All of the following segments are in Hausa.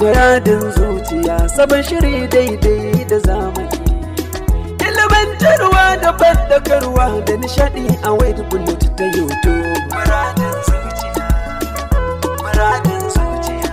Muradin zuciya sabon shiri daidai da zamani. Ilimantarwa da bandakarwa da nishadi a wayar bullet ta YouTube. zuciya, zuciya.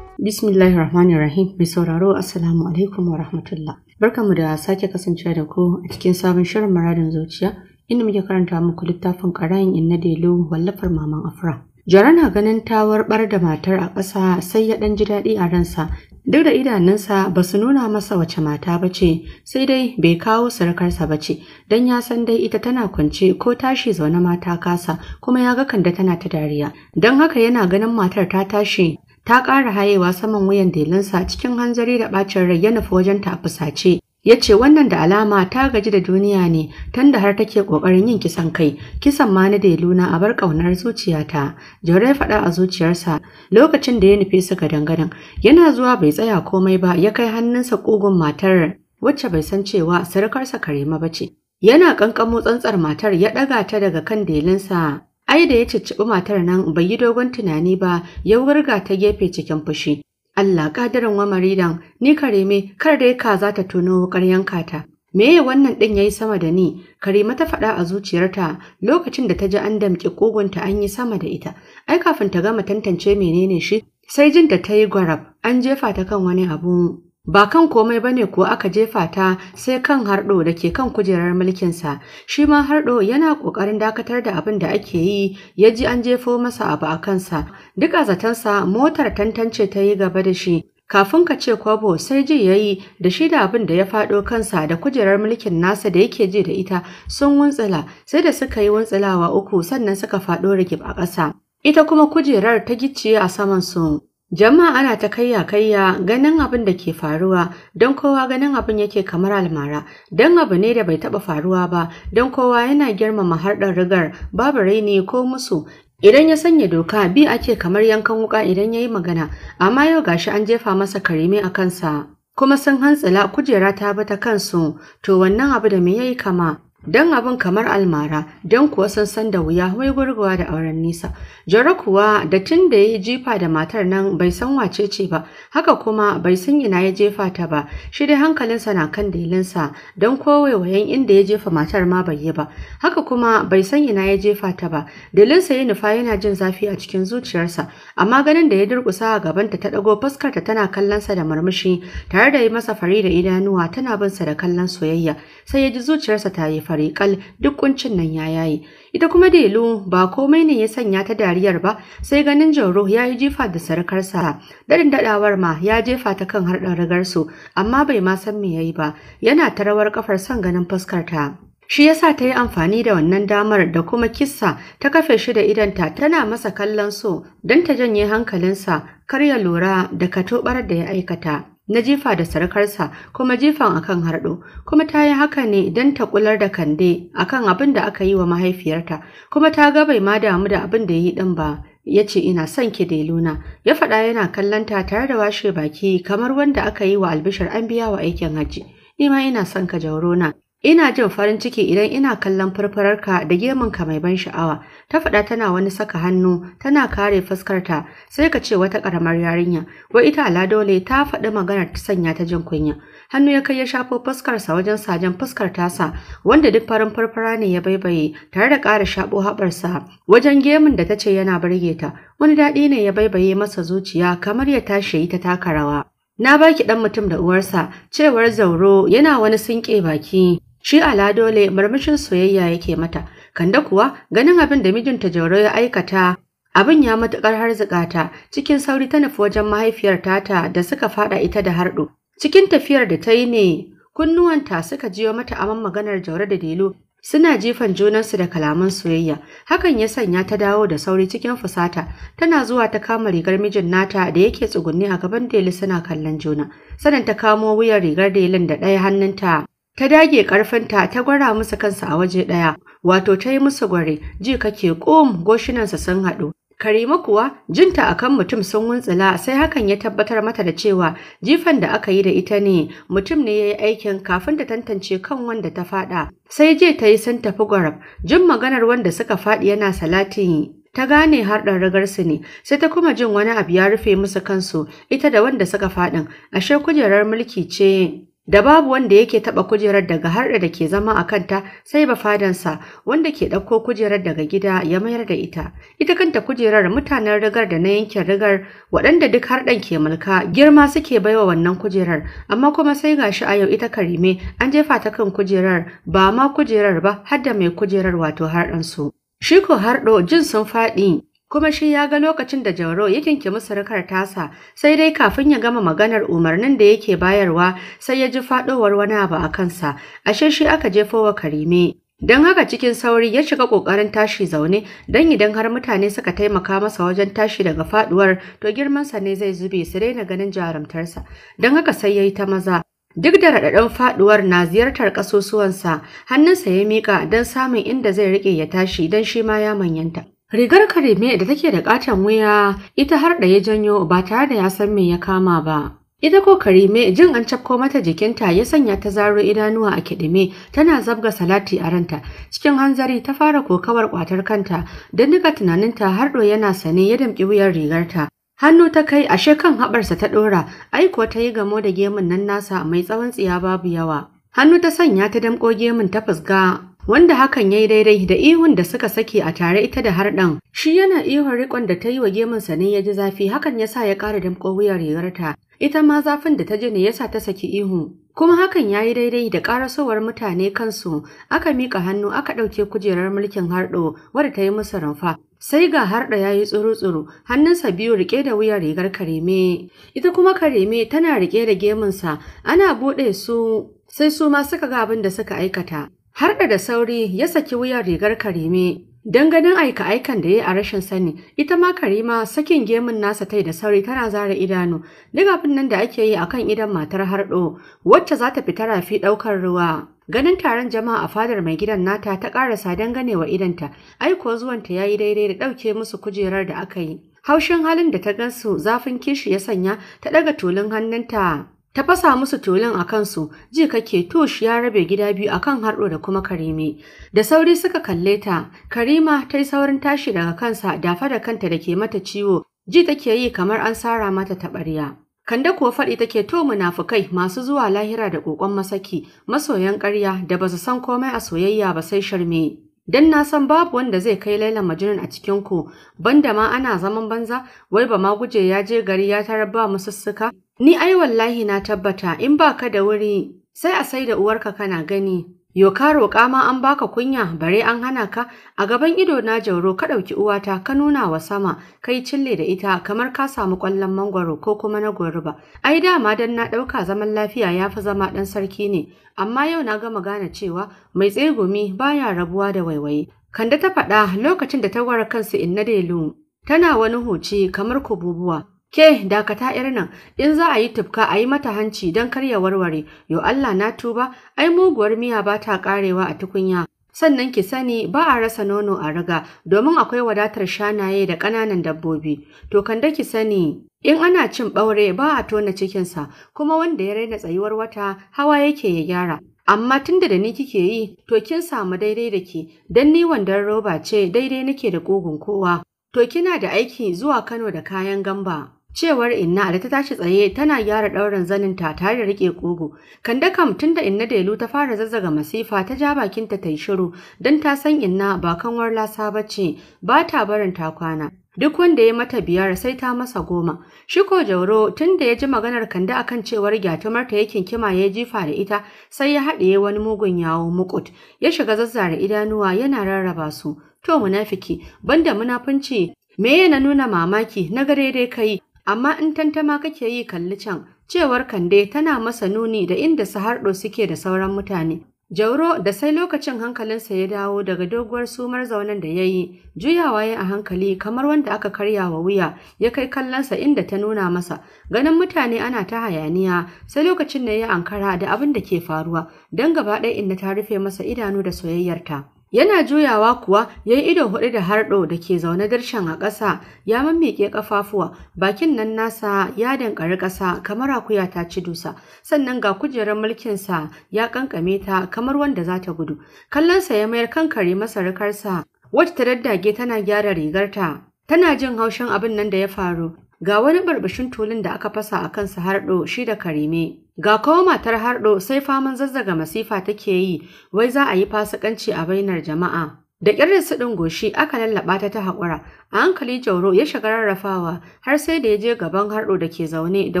Bismillahirrahmanirrahim. Mai sauraro Assalamu alaikum wa rahmatullah. mu da sake kasancewa da ku a cikin sabon shirin muradin zuciya. Inda muke karanta muku littafin ƙarayin inna delu wallafar maman Afra. Jara na ganin ta warɓar da matar a ƙasa sai ya ɗan ji daɗi a ransa duk da idanunsa ba su nuna masa wace mata ba ce sai dai bai kawo surukarsa ba ce don ya san dai ita tana kwance ko tashi zaune mata kasa kuma ya ga kanda tana ta dariya don haka yana ganin matar ta tashi ta ƙara hayewa saman wuyan delinsa cikin hanzari da ɓacin rai ya nufi wajen ta fusace ya ce wannan da alama ta gaji da duniya ne tunda har take ƙoƙarin yin kisan kai kisan ma na deluna a bar ƙaunar zuciyata jaurai faɗa a zuciyarsa lokacin da ya nufe su gadangadan yana zuwa bai tsaya komai ba ya kai hannunsa ƙugun matar wacce bai san cewa sarkarsa karema ba ce yana kankamo tsantsar matar ya ɗaga ta daga kan delinsa ai da ya cicciɓi matar nan bai yi dogon tunani ba ya wurga ta gefe cikin fushi Allah kadaran wa maridan ni karime kar dai za ta tuno wukar yanka ta meye wannan ɗin yayi sama da ni karima ta faɗa a zuciyarta lokacin da ta ji an damƙe kogonta an yi sama da ita ai kafin ta gama tantance menene shi sai jin da ta yi gwarab an jefa ta kan wani abu Ba kan komai bane ko aka jefa ta sai kan harɗo da ke kan kujerar mulkin sa, shi ma harɗo yana ƙoƙarin dakatar da abin da ake yi ya ji an jefo masa abu a kansa, duk a sa motar tantance ta yi gaba da shi. Kafin ka ce kwabo sai ji yayi da shi da abin da ya faɗo kansa da kujerar mulkin nasa da yake ji da ita sun wuntsila sai da suka yi wuntsilawa uku sannan suka faɗo rigib a ƙasa. Ita kuma kujerar ta gicciye a saman su Jama'a ana ta kayya kayya ganin abin da ke faruwa don kowa ganin abin yake kamar almara don abu ne da bai taba faruwa ba don kowa yana girmama harɗar rigar babu raini ko musu Idan ya sanya doka bi ake kamar yankan wuka idan ya yi magana amma yau gashi an jefa masa karime a kansa kuma sun hantsila kujera ta bi ta kansu to wannan abu da me yayi kama Don abin kamar almara, don kuwa san da wuya wai gurguwa da auren nisa. Jara kuwa da tun da ya yi jifa da matar nan bai san wace ce ba, haka kuma bai san ina ya jefa ta ba, shi dai hankalinsa na kan dalilinsa, don kowayewayen inda ya jefa matar ma bai yi ba, haka kuma bai san ina ya jefa ta ba, Dalilinsa ya nufa yana jin zafi a cikin zuciyarsa, amma ganin da ya durkusa a gabanta ta ɗago fuskarta tana kallonsa da murmushi tare da yi masa fari da idanuwa tana bin sa da kallon soyayya, sai ya ji zuciyarsa ta yi fariƙal duk kuncin nan ya yayi. Ita kuma Delu ba komai ne ya sanya ta dariyar ba sai ganin Jauro ya yi jifa da sarkarsa. daɗin daɗawar ma ya jefa ta kan harɗin rigarsu amma bai ma san me yayi ba. Yana ta rawar ƙafar son ganin fuskar ta. Shi yasa ta yi amfani da wannan damar da kuma kissa ta kafe shi da idanta tana masa kallon so don ta janye hankalinsa kar ya lura da katobar da ya aikata. na jifa da sarkarsa kuma jifan akan harɗo kuma ta yi haka ne don ta kular da kande akan abin da aka yi wa mahaifiyarta kuma ta ga bai ma damu da abin da ya yi ɗin ba ya ce ina son ki dai luna ya faɗa yana kallonta tare da washe baki kamar wanda aka yi wa albishir an biya wa aikin hajji ni ma ina son ka jaurona Ina jin farin ciki idan ina kallon farfararka da gemunka mai ban sha'awa, ta faɗa tana wani saka hannu tana kare fuskarta sai ka ce wata ƙaramar yarinya, wai ita ala dole ta faɗi maganar ta sanya ta jin kunya. Hannu ya kai ya shafo fuskarsa wajen sajen fuskar tasa wanda duk farin farfara ne ya baibaye tare da ƙara shaɓo haɓarsa wajen gemun da ta ce yana burge ta, wani daɗi ne ya baibaye masa zuciya kamar ya tashi yi ta taka rawa. Na baki ɗan mutum da uwarsa, cewar Zauro yana wani sinƙe baki Shi ala dole marmashin soyayya yake mata, kanda kuwa ganin abin da mijinta Jauro ya aikata abin ya matuƙar harzikata cikin sauri ta nufi wajen mahaifiyar tata da suka fada ita da harɗo. Cikin tafiyar da ta yi ne kunnuwanta suka jiyo mata aman maganar Jauro da Delu suna jifan junansu da kalaman soyayya hakan ya sanya ta dawo da sauri cikin fusata tana zuwa ta kama rigar mijin nata da yake tsugunni a gaban deli suna kallon juna sanin ta kamo wuyan rigar delin da ɗaya hannunta ta dage karfinta ta gwara musu kansa a waje ɗaya wato ta yi musu gwari ji kake ƙom goshinansa sun haɗu Karima kuwa jinta a kan mutum sun wuntsila sai hakan ya tabbatar mata da cewa jifan da aka yi da ita ne mutum ne ya yi aikin kafin ta tantance kan wanda ta faɗa." sai je ta yi sun tafi gwarab jin maganar wanda suka faɗi yana salati ta gane har ɗan su ne sai ta kuma jin wani abu ya rufe musu kansu ita da wanda suka faɗin ashe kujerar mulki ce da babu wanda yake taba kujerar daga harda da ke zama a kanta sai ba fadansa wanda ke ɗauko kujerar daga gida ya mayar da ita ita kanta kujerar mutanen rigar da na yankin rigar waɗanda duk harɗan ke mulka girma suke baiwa wannan kujerar amma kuma sai gashi a yau ita karime an jefa ta kan kujerar ba ma kujerar ba har da mai kujerar wato harɗan su Shiko harɗo jin sun faɗi kuma shi ya ga lokacin da Jauro ya kinki surukar tasa sai dai kafin ya gama maganar umarnin da yake bayarwa sai ya ji faɗowar wani abu a kansa ashe shi aka jefo wa Karime don haka cikin sauri ya shiga ƙoƙarin tashi zaune don idan har mutane suka taimaka masa wajen tashi daga faɗuwar to girmansa ne zai zube su daina ganin jarumtarsa don haka sai ya yi ta maza Duk da raɗaɗin faɗuwar na ziyartar ƙasusuwansa, hannunsa ya mika, don samun inda zai riƙe ya tashi don shi ma ya manyanta. Rigar Karime da take da katon wuya ita har da ya janyo ba tare da ya san me ya kama ba. Ita ko Karime jin an cafko mata jikinta ya sanya ta zaro idanuwa a kidime tana zabga salati a ranta cikin hanzari ta fara kokawar kwatar kanta don duka tunaninta har do yana sane ya damƙi wuyar rigarta. Hannu ta kai ashe kan haɓarsa ta ɗora aiko ta yi gamo da gemun nan nasa mai tsawon tsiya babu yawa. Hannu ta sanya ta damƙo gemun ta fusga wanda hakan ya yi daidai da ihun da suka sake a tare ita da harɗan. Shi yana ihun rikon da ta yi wa gemun sa ne ya ji zafi hakan ya sa ya ƙara damƙo wuyar rigarta. Ita ma zafin da ta ji ne ya sa ta saki ihu. Kuma hakan ya yi daidai da ƙarasowar mutane kansu aka miƙa hannu aka ɗauke kujerar mulkin harɗo wadda ta yi musu rumfa. Sai ga harɗa ya yi tsuru-tsuru, hannunsa biyu riƙe da wuyar rigar kareme. Ita kuma kareme tana riƙe da gemunsa, ana buɗe su sai su ma suka ga abin da suka aikata. Harɗa da sauri ya saki wuyan rigar Karime. Don ganin aika-aikan da ya a rashin sani, ita ma Karima sakin gemun nasa tai da sauri tana zara idanu, duk abin nan da ake yi akan idan matar harɗo, wacce za ta fita rafi ɗaukar ruwa. Ganin taron jama'a a fadar mai gidan nata ta ƙarasa don ganewa idanta, aiko zuwanta ya yi daidai da ɗauke musu kujerar da aka yi. Haushin halin da ta gansu zafin kishi ya sanya ta ɗaga tulun hannunta ta fasa musu tulun a kansu ji kake tosh ya rabe gida biyu akan harɗo da kuma karime da sauri suka kalle ta karima ta yi saurin tashi daga kansa dafa da kanta da ke mata ciwo ji take yi kamar an sara mata taɓarya kanda kuwa faɗi take to munafukai masu zuwa lahira da ƙoƙon masaki masoyan ƙarya da ba su san komai a soyayya ba sai sharme Dan na san babu wanda zai kai Laila majinin a cikin ku, banda ma ana zaman banza, wai ba ma guje ya je gari ya tarar ba musussuka, Ni ai wallahi na tabbata in baka da wuri sai a sai da uwarka kana gani. Yo ka roƙa ma an baka kunya bare an hana ka a gaban ido na jauro ka ɗauki uwata ka nuna wa sama kai cille da ita kamar ka samu ƙwallon mangwaro ko kuma na goruba. Ai dama dan na ɗauka zaman lafiya ya fi zama ɗan sarki ne amma yau na gama gane cewa mai tsegumi baya rabuwa da waiwaye. Kande ta faɗa lokacin da ta wara kansu inna delu tana wani huci kamar kububuwa. Ke dakata ‘yar nan, in za a yi tufka a yi mata hanci don karya warware, yo Allah na tuba, ai muguwar miya ba ta karewa a tukunya. Sannan ki sani ba a rasa nono a riga domin akwai wadatar shanaye da ƙananan dabbobi. To kanda ki sani in ana cin ɓaure ba a tona cikinsa kuma wanda ya raina tsayuwar wata hawa yake ya gyara. amma tunda da ni kike yi to kin samu daidai da ke dan ni wandan roba ce daidai nake da kogon kowa to kina da aiki zuwa Kano da kayan gamba cewar inna da ta tashi tsaye tana gyara ɗaurin zanin ta tare da rike ƙugu. kanda kam tun da inna delu ta fara zazzaga masifa ta ja bakinta ta yi shiru don ta san inna ba kanwar lasa bace ba ta barin ta kwana duk wanda ya mata biyar sai ta masa goma. Shiko Jauro tunda ya ji maganar Kande akan cewar gyatumar ta yakin kima ya jifa da ita sai ya haɗiye wani mugun yawo mukut ya shiga zazzara idanuwa yana rarraba su. To munafiki banda munafunci me na nuna mamaki na gare dai kai amma in tantama kake yi kalli can cewar kande tana masa nuni da inda su harɗo suke da sauran mutane Jauro da sai lokacin hankalinsa ya dawo daga doguwar sumar zaunen da ya yi, juyawa ya a hankali kamar wanda aka karya wa wuya ya kai kallonsa inda ta nuna masa. Ganin mutane ana ta hayaniya sai lokacin da ya ankara da abin da ke faruwa, don gaba ɗaya inda ta rufe masa idanu da soyayyarta. Yana juyawa kuwa ya yi ido huɗu da harɗo da ke zaune darshen a ƙasa ya mammiƙe ƙafafuwa bakin nan nasa ya danƙari ƙasa kamar akuya ta ci dusa sannan ga kujerar mulkinsa ya ƙanƙame ta kamar wanda za ta gudu. Kallonsa ya mayar kankare masa rikarsa wacce ta daddage tana gyara rigarta tana jin haushin abin nan da ya faru ga wani barbashin tulun da aka fasa a kansa harɗo shi da karime. Ga kawo matar harɗo sai faman zazzaga masifa take yi, wai za a yi fasikanci a bainar jama'a. Da su suɗin goshi aka lallaɓa ta ta haƙura, a hankali Jauro ya shiga rarrafawa har sai da ya je gaban harɗo da ke zaune da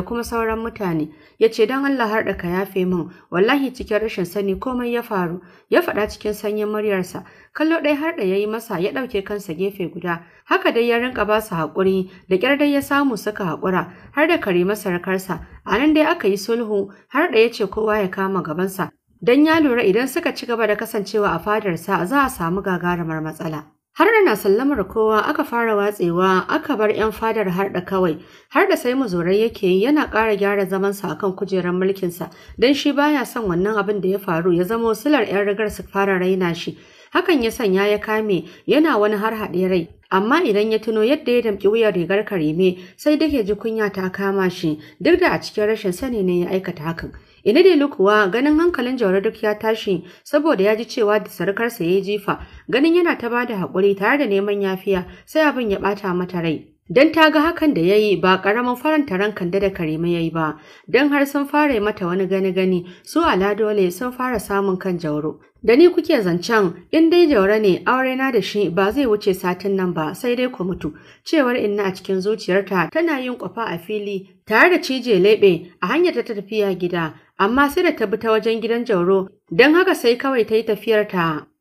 kuma sauran mutane. Ya ce don Allah harɗa ka yafe min, wallahi cikin rashin sani komai ya faru, ya faɗa cikin sanyin muryarsa. Kallo ɗaya harɗa ya yi masa ya ɗauke kansa gefe guda. Haka dai ya rinka ba su haƙuri, da ƙyar dai ya samu suka haƙura, har da kare masarkarsa. A nan dai aka yi sulhu, har da ya ce kowa ya kama gabansa, don ya lura idan suka ci gaba da kasancewa a fadarsa za a samu gagarumar matsala. Har da na sallamar kowa aka fara watsewa aka bar 'yan fadar har da kawai, har da sai muzurai yake yi yana ƙara gyara zamansa a kan kujerar mulkinsa don shi baya son wannan abin da ya faru ya zama silar 'yan rigar su fara raina shi. Hakan ya sanya ya kame yana wani har haɗe rai, amma idan ya tuno yadda ya damƙi wuyar rigar karime sai duk ya ji kunya ta kama shi duk da a cikin rashin sani ne ya aikata hakan. dai kuwa ganin hankalin Jauro duk ya tashi saboda ya ji cewa da sarkarsa ya yi jifa, ganin yana ta bada haƙuri tare da neman yafiya sai abin ya ɓata mata rai. dan ta ga hakan da ya yi ba ƙaramin faranta ran kanda da karima ya yi ba, dan har sun fara mata wani gani-gani su ala dole sun fara samun kan jauro. Da ni kuke zancen in dai jauro ne aure na da shi ba zai wuce satin nan ba sai dai ku mutu, cewar inna a cikin zuciyarta tana yin kwafa a fili tare da cije leɓe a hanyar ta tafiya gida amma sai da ta bi ta wajen gidan Jauro don haka sai kawai ta yi tafiyar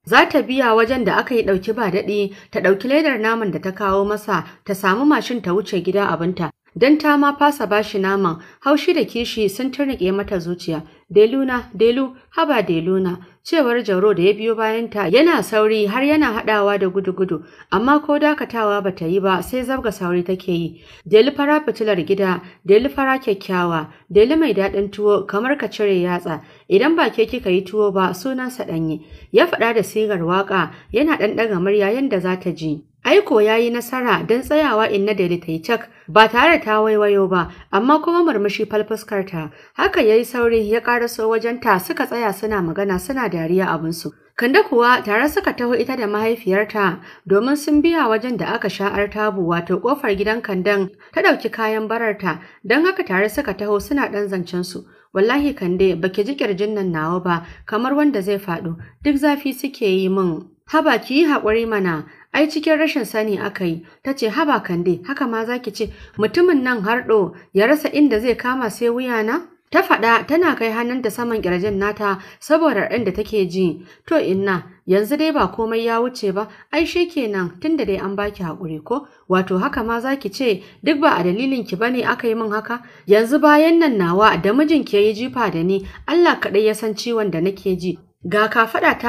Za ta biya wajen da aka yi ɗauki ba daɗi, ta ɗauki ledar naman da ta kawo masa, ta samu mashin ta wuce gida abinta. Dan ta ma fasa bashi naman, haushi da kishi sun turnike mata zuciya. Deluna, Delu, haba Deluna, cewar Jaro da ya biyo bayanta yana sauri har yana hadawa da gudu-gudu, amma ko dakatawa ba ta yi ba sai zabga sauri take yi. Delu fara fitilar gida, Delu fara kyakkyawa, Delu mai daɗin tuwo kamar ka cire yatsa, idan ba ke kika yi tuwo ba sunansa ɗanye. Ya faɗa da sigar waƙa yana ɗanɗaga murya yadda za ta ji. Aiko ya yi nasara don tsayawa inna da ta cak ba tare ta waiwayo ba, amma kuma murmushi falfuskarta. Haka ya yi sauri ya ƙaraso wajenta suka tsaya suna magana suna dariya abinsu. Kande kuwa tare suka taho ita da mahaifiyarta domin sun biya wajen da aka sha'ar tabu wato ƙofar gidan Kandan ta ɗauki kayan bararta don haka tare suka taho suna ɗan zancen su. Wallahi Kande baki ji kirjin nan nawa ba kamar wanda zai faɗo duk zafi suke yi min. Haba ki yi haƙuri mana ai cikin rashin sani aka yi ta ce haba kande haka ma za ki ce mutumin nan har harɗo ya rasa inda zai kama sai wuya na? ta faɗa tana kai hannunta saman ƙirjin nata saboda ɗin da take ji to inna yanzu dai ba komai ya wuce ba ai shi kenan tunda dai an baki haƙuri ko wato haka ma za ki ce duk ba a dalilin ki bane aka yi min haka yanzu bayan nan nawa da mijin ke yi jifa da ni Allah kaɗai ya san ciwon da nake ji Ga ta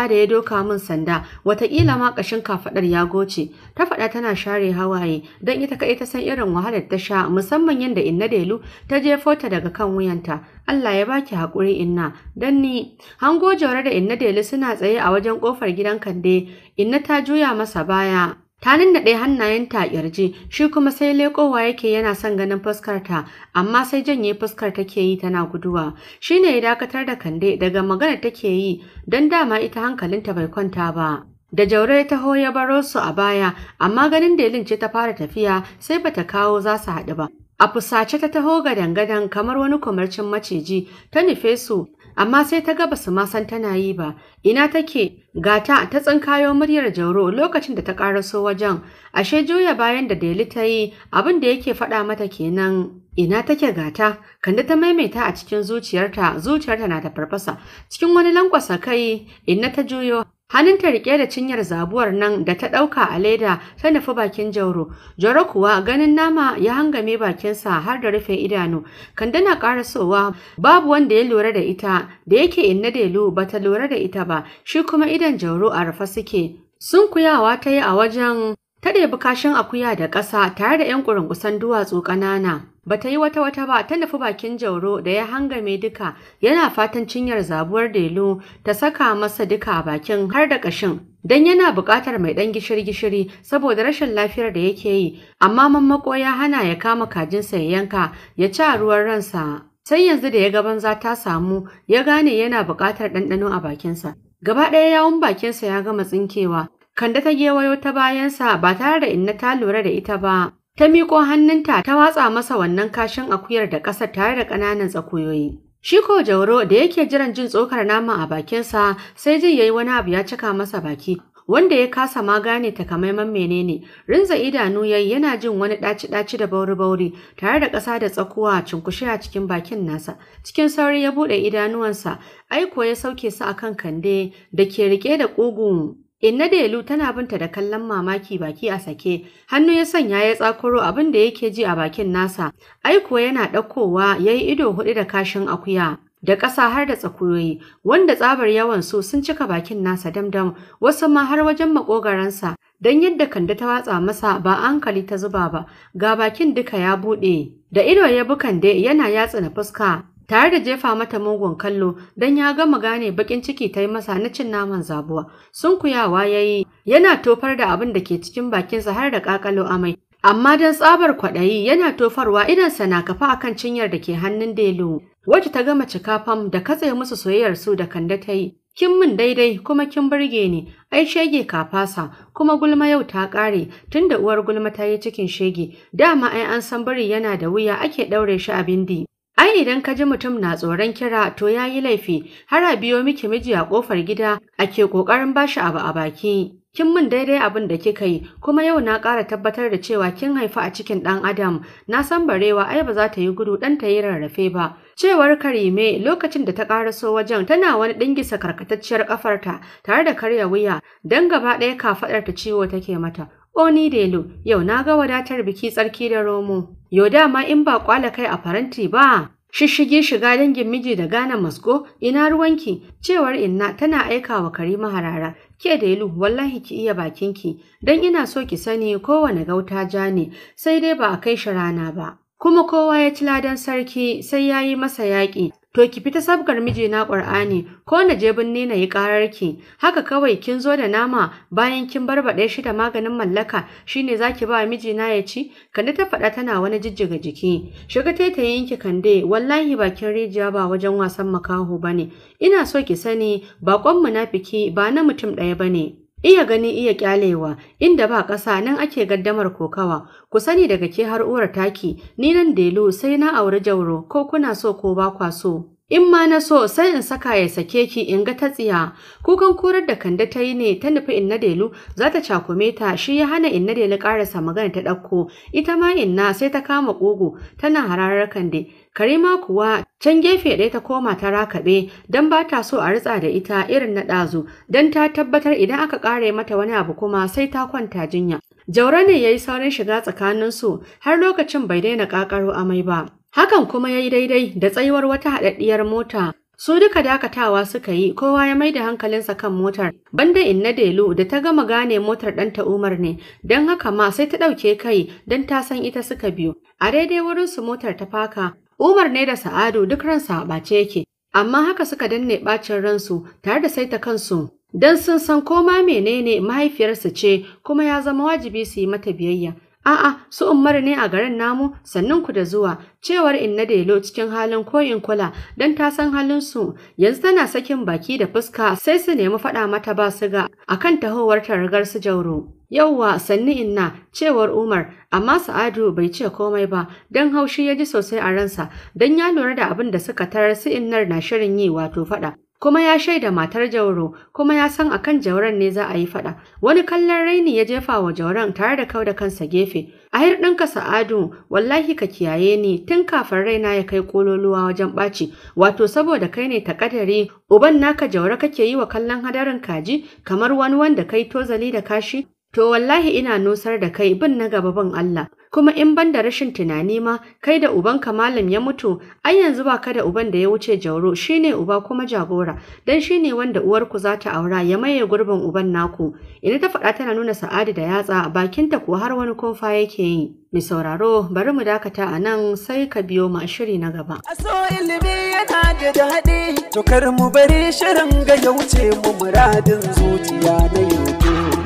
da ya doka min sanda, wataƙila ma ƙashin kafaɗar ya goce, ta faɗa tana share hawaye, don ita kaɗai ta san irin wahalar ta sha musamman yadda Inna Delu ta jefo ta daga kan wuyanta. Allah ya baki haƙuri Inna, don ni hango jaure da Inna Delu suna tsaye a wajen ƙofar gidan Kande, Inna ta juya masa baya. Ta ɗaya hannayenta a ƙirji, shi kuma sai lekowa yake yana son ganin fuskarta, amma sai janye fuskar take yi tana guduwa. Shi ne ya dakatar da Kande daga maganar take yi, don dama ita hankalinta bai kwanta ba. Da jaure ta taho ya baro su a baya, amma ganin Delin ce ta fara tafiya sai bata kawo za su haɗu ba. A fusace ta taho gadan-gadan kamar wani kwamarcin maciji ta nufe su amma sai ta ga su ma san tana yi ba ina take gata ta tsinkayo muryar Jauro lokacin da ta ƙaraso wajen ashe juya bayan da Deli ta yi abin da yake faɗa mata kenan ina take gata kanda ta maimaita a cikin zuciyarta zuciyarta na da farfasa cikin wani lankwasa kai inna ta juyo Hannunta rike da cinyar zabuwar nan da ta ɗauka a leda ta nufi bakin Jauro. Jauro kuwa ganin nama ya hangame bakinsa har da rufe idanu. Kande na sowa babu wanda ya lura da ita da yake inna delu ba ta lura da ita ba shi kuma idan Jauro a rufe suke. Sun kuyawa ta yi a wajen ta ɗebi kashin akuya da ƙasa tare da ‘yan ƙurungusan duwatsu ƙanana. Ba ta yi wata wata ba ta nufi bakin Jauro da ya hangame duka yana fatan cinyar zabuwar Delu ta saka masa duka a bakin har da ƙashin. Don yana buƙatar mai ɗan gishiri-gishiri saboda rashin lafiyar da yake yi, amma mammako ya hana ya kama kajinsa ya yanka ya ci a ruwan ransa. Sai yanzu da ya ga banza ta samu ya gane yana buƙatar ɗanɗano a bakinsa. Gaba ɗaya yawon bakinsa ya gama tsinkewa, Kande ta gewayo ta bayansa ba tare da inna ta lura da ita ba. ta miƙo hannunta ta watsa masa wannan kashin akuyar da ƙasa tare da ƙananan tsakuyoyi. Shiko Jauro da yake jiran jin tsokar nama a bakinsa sai jin yayi wani abu ya cika masa baki wanda ya kasa ma gane takamaiman menene rinza idanu yayi yana jin wani ɗaci ɗaci da bauri bauri tare da ƙasa da tsakuwa cunkushe a cikin bakin nasa cikin sauri ya buɗe idanuwansa aiko ya sauke su akan kande da ke riƙe da ƙugun Inna Delu tana binta da kallon mamaki baki a sake, hannu ya sanya ya tsakuro abin da yake ji a bakin nasa, ai kuwa yana ɗaukowa ya yi ido huɗu da kashin akuya. Da ƙasa har da tsakuyoyi, wanda tsabar yawan su sun cika bakin nasa damdam, wasu ma har wajen maƙogaransa, don yadda kanda ta watsa masa ba hankali ta zuba ba, ga bakin duka ya buɗe. Da ido ya bi Kande yana yatsa na fuska, tare da jefa mata mugun kallo don ya gama gane bakin ciki ta yi masa na cin naman zabuwa sunkuyawa ya yi yana tofar da abin da ke cikin bakinsa har da kakalo amai amma don tsabar kwaɗayi yana tofarwa idan sana kafa a kan cinyar da ke hannun delu wacce ta gama cika fam da katse musu soyayyar su da kanda ta yi kin min daidai kuma kin burge ni ai shege kafasa. kuma gulma yau ta kare tunda uwar gulma ta yi cikin shege dama ai an san bari yana da wuya ake ɗaure shi a bindi Ai idan ka ji mutum na tsoron kira to ya yi laifi har a biyo miki miji a ƙofar gida ake ƙoƙarin bashi abu a baki. Kin min daidai abin da kika yi kuma yau na ƙara tabbatar da cewa kin haifa a cikin ɗan Adam na san barewa ai ba za ta yi gudu ɗan ta yi rarrafe ba. Cewar Karime lokacin da ta ƙaraso wajen tana wani ɗingisa karkatacciyar ƙafarta tare da karya wuya don gaba ɗaya kafaɗar ta ciwo take mata Ko ni Delu, yau na ga wadatar biki tsarki da romo. yau dama in ba kwala kai a faranti ba. Shishige shiga dangin miji da gana masgo, ina ruwanki, cewar inna tana aika wa Karima harara. Ke Delu, wallahi ki iya bakinki, dan ina so ki sani kowane gauta ja ne, sai dai ba a kai shi rana ba. kuma kowa ya ci ladan sarki sai ya yi masa yaƙi. To ki fita sabgar mijina Ƙur'ani ko na je binne na yi ƙararki, haka kawai kin zo da nama bayan kin barbaɗe shi da maganin mallaka shine za ki ba mijina ya ci, kande ta faɗa tana wani jijjiga jiki. Shiga ta ta yanki kande wallahi bakin rijiya ba wajen wasan makaho ba ne, ina so ki sani baƙon munafiki ba na mutum ɗaya ba ne. Iya gani iya kyalewa, inda ba ƙasa nan ake gaddamar kokawa, ku sani daga ke har ura taki, ni nan delu sai na auri jauro ko kuna so ko ba kwa so. In ma na so sai in saka ya sake ki in ga ta tsiya, kukan korar da kanda ta yi ne ta nufi in na delu za ta cakume ta shi ya hana in na delu ƙarasa magana ta ɗauko, ita ma inna sai ta kama ƙugu tana hararar kande, Karima kuwa can gefe ɗaya ta koma ta rakaɓe don ba ta so a ritsa da ita irin na ɗazu don ta tabbatar idan aka ƙare mata wani abu kuma sai ta kwanta jinya. jaura ne ya yi saurin shiga tsakaninsu har lokacin bai daina ƙaƙaro amai ba. Hakan kuma ya yi daidai da tsayuwar wata haɗaɗɗiyar mota Su duka dakatawa suka yi, kowa ya mai da hankalinsa kan motar. Banda Inna Delu da ta gama gane motar ɗanta Umar ne, don haka ma sai ta ɗauke kai don ta san ita suka biyu. A daidai wurin su motar ta faka, Umar ne da Sa'adu duk ransa a ɓace yake, amma haka suka danne ɓacin ransu tare da saita kansu don sun san koma menene mahaifiyarsa ce kuma ya zama wajibi su yi mata biyayya. A'a, su Umar ne a garin namu sannan ku da zuwa cewar inna delo cikin halin koyin kula don ta san halin su yanzu tana sakin baki da fuska sai su nemi faɗa mata ba su ga akan tahowar ta rigar su jauro. Yauwa sannu inna cewar Umar amma Sa'adu bai ce komai ba don haushi ya ji sosai a ransa don ya lura da abin da suka tarar su innar na shirin yi wato faɗa, Kuma ya shaida matar Jauro kuma ya san akan Jauron ne za a yi faɗa, Wani kallon raini ya jefa wa Jauron tare da kau da kansa gefe. A hir ɗinka Sa'adu wallahi ka kiyaye ni tun kafin raina ya kai kololuwa wajen ɓaci wato saboda kai ne ta ƙadari, uban naka Jauro kake yi wa kallon hadarin kaji kamar wani wanda kai tozali da kashi To wallahi ina nosar da kai bin na gaba bin Allah, kuma in ban da rashin tunani ma kai da ubanka malam ya mutu, an yanzu ba ka da uban da ya wuce jauro shine uba kuma jagora, dan shine wanda uwarku za ta aura ya maye gurbin uban naku. Ina ta faɗa tana nuna sa'adi da yatsa bakinta ko har wani kumfa yake yi. Mai sauraro bari mu dakata a nan sai ka biyo ma shiri na gaba. A so ilimi yana da daɗi, to kar mu bari shirin ga ya wuce mu muradin zuciya.